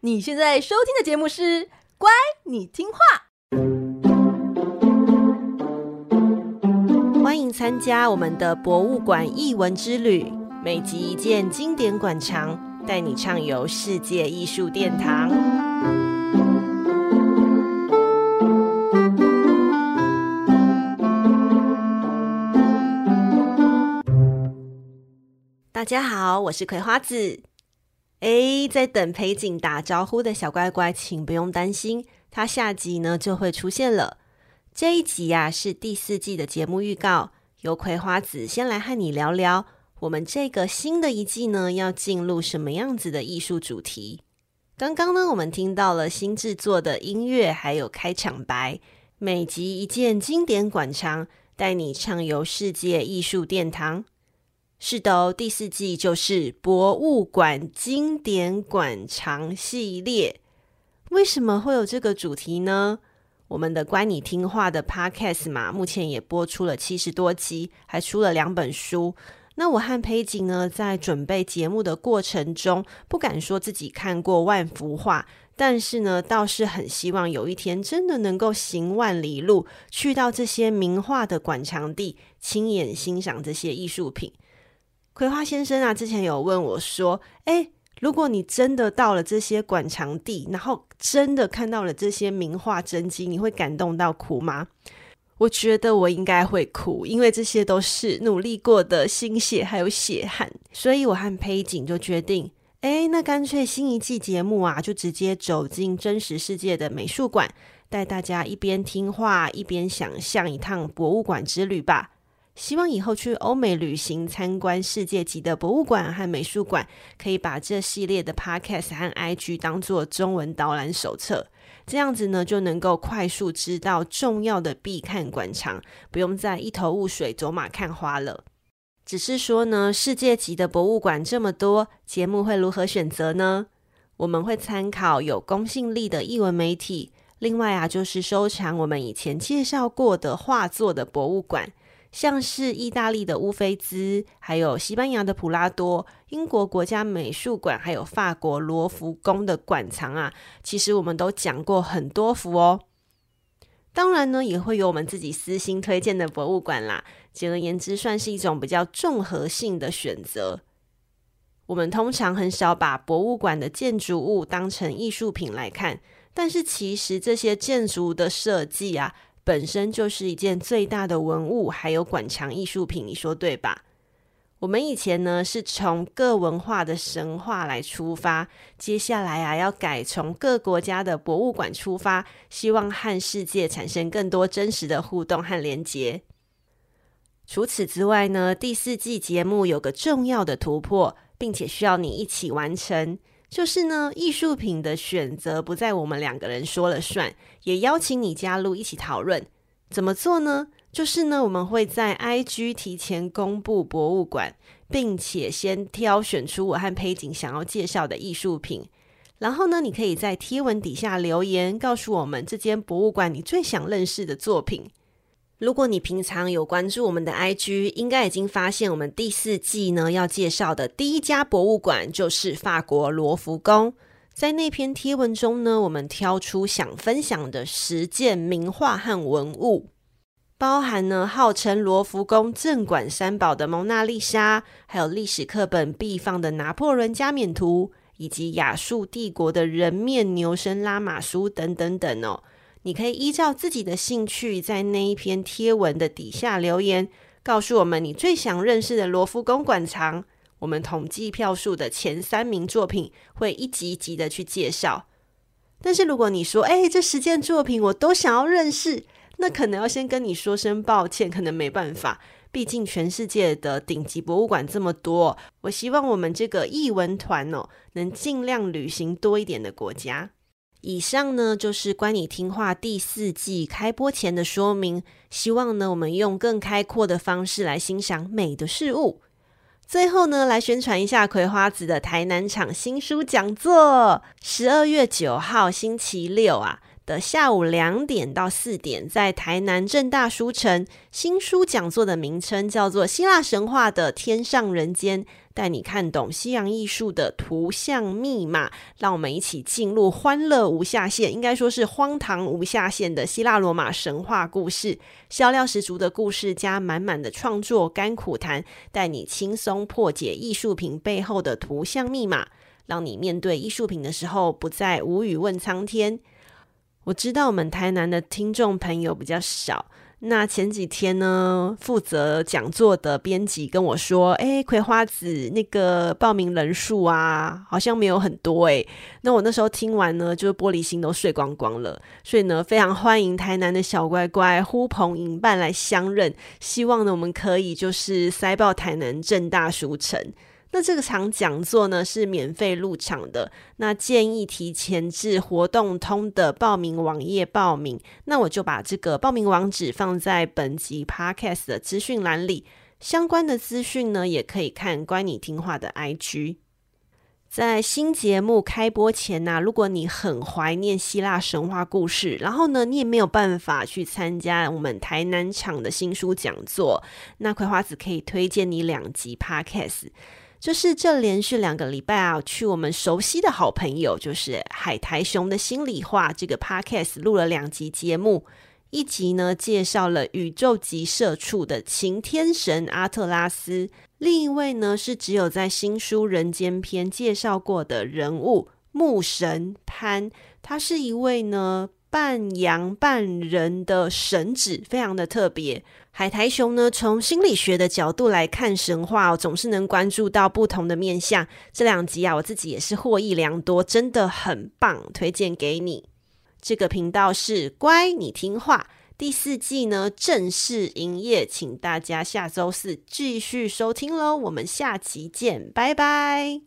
你現在收聽的節目是《乖，你聽畫》，歡迎參加我們的博物館藝文之旅，每集一件經典館藏，帶你暢遊世界藝術殿堂。大家好，我是葵花子。哎、欸，在等裴景打招呼的小乖乖，請不用擔心，他下集呢就會出現了。這一集呀、啊、是第四季的節目預告，由葵花子先來和你聊聊，我們這個新的一季呢要進入什麼樣子的藝術主題。剛剛呢，我們聽到了新制作的音樂，還有開場白。每集一件經典館藏，帶你暢遊世界藝術殿堂。是的哦，第四季就是博物館經典館藏系列。為什麼會有這個主題呢？我們的“乖，你聽畫”的 podcast 嘛，目前也播出了七十多集，還出了兩本書。那我和裴景呢，在準備節目的過程中，不敢說自己看過萬幅畫，但是呢，倒是很希望有一天真的能夠行萬里路，去到這些名畫的館藏地，親眼欣賞這些藝術品。葵花先生啊，之前有問我說：“誒，如果你真的到了這些館藏地，然後真的看到了這些名畫真跡，你會感動到哭嗎？”我覺得我應該會哭，因為這些都是努力過的心血還有血汗，所以我和裴景就決定：“誒，那乾脆新一季節目啊，就直接走進真實世界的美術館，帶大家一邊聽畫，一邊想象一趟博物館之旅吧。”希望以後去歐美旅行參觀世界級的博物館和美術館，可以把這系列的 Podcast 和 IG 當做中文導覽手冊。這樣子呢，就能夠快速知道重要的必看館藏，不用再一頭霧水走馬看花了。只是說呢，世界級的博物館這麼多，節目會如何選擇呢？我們會參考有公信力的藝文媒體，另外啊，就是收藏我們以前介紹過的畫作的博物館。像是意大利的烏菲茲，還有西班牙的普拉多、英國國家美術館，還有法國羅浮宮的館藏啊，其實我們都講過很多幅哦。當然呢，也會有我們自己私心推薦的博物館啦。簡而言之，算是一種比較綜合性的選擇。我們通常很少把博物館的建築物當成藝術品來看，但是其實這些建築的設計啊。本身就是一件最大的文物，還有館藏藝術品，你說對吧？我們以前呢是從各文化的神話來出發，接下來啊要改從各國家的博物館出發，希望和世界產生更多真實的互動和連接。除此之外呢，第四季節目有個重要的突破，並且需要你一起完成。就是呢，藝術品的選擇不在我們兩個人說了算，也邀請你加入，一起討論。怎麼做呢？就是呢，我們會在 IG 提前公布博物館，並且先挑選出我和佩景想要介紹的藝術品，然後呢，你可以在貼文底下留言，告訴我們這間博物館你最想認識的作品。如果你平常有關注我們的 IG，應該已經發現我們第四季呢要介紹的第一家博物館就是法國羅浮宮。在那篇貼文中呢，我們挑出想分享的十件名畫和文物，包含呢號稱羅浮宮鎮館三寶的《蒙娜麗莎》，還有歷史課本必放的《拿破崙加冕圖》，以及亞述帝國的人面牛身拉馬書等等等哦。你可以依照自己的興趣，在那一篇貼文的底下留言，告訴我們你最想認識的羅浮宮館藏。我們統計票數的前三名作品，會一集一集的去介紹。但是如果你說，哎，這十件作品我都想要認識，那可能要先跟你說聲抱歉，可能沒辦法。畢竟全世界的頂級博物館這麼多，我希望我們這個藝文團哦，能盡量旅行多一點的國家。以上呢就是《乖，你聽畫》第四季開播前的說明，希望呢我們用更開闊的方式來欣賞美的事物。最後呢，來宣傳一下葵花子的台南場新書講座，十二月九號星期六啊的下午兩點到四點，在台南政大書城，新書講座的名稱叫做《希臘神話的天上人間》。帶你看懂西洋藝術的圖像密碼，讓我們一起進入歡樂無下限，應該說是荒唐無下限的希臘羅馬神話故事，笑料十足的故事加滿滿的創作甘苦談，帶你輕鬆破解藝術品背後的圖像密碼，讓你面對藝術品的時候不再無語問蒼天。我知道我們台南的聽眾朋友比較少。那前幾天呢，負責講座的編輯跟我說：“誒、欸，葵花子那個報名人數啊，好像沒有很多誒、欸，那我那時候聽完呢，就是玻璃心都碎光光了。所以呢，非常歡迎台南的小乖乖呼朋引伴來相認，希望呢，我們可以就是塞爆台南政大書城。那這個場講座呢，是免費入場的，那建議提前至活動通的報名網頁報名。那我就把這個報名網址放在本集 podcast 的資訊欄裡。相關的資訊呢，也可以看乖，你聽畫的 IG。在新節目開播前吶、啊，如果你很懷念希臘神話故事，然後呢，你也沒有辦法去參加我們台南場的新書講座，那葵花子可以推薦你兩集 podcast。就是這連續兩個禮拜啊，去我們熟悉的好朋友，就是海苔熊的心理話這個 podcast 錄了兩集節目，一集呢介紹了宇宙級社畜的擎天神阿特拉斯，另一位呢是只有在新書人間篇介紹過的人物牧神潘，他是一位呢。半羊半人的神祇非常的特別，海苔熊呢從心理學的角度來看神話、哦，總是能關注到不同的面向。這兩集啊，我自己也是獲益良多，真的很棒，推薦給你。這個頻道是乖，你聽畫。第四季呢正式營業，請大家下周四繼續收聽嘍。我們下期見，拜拜。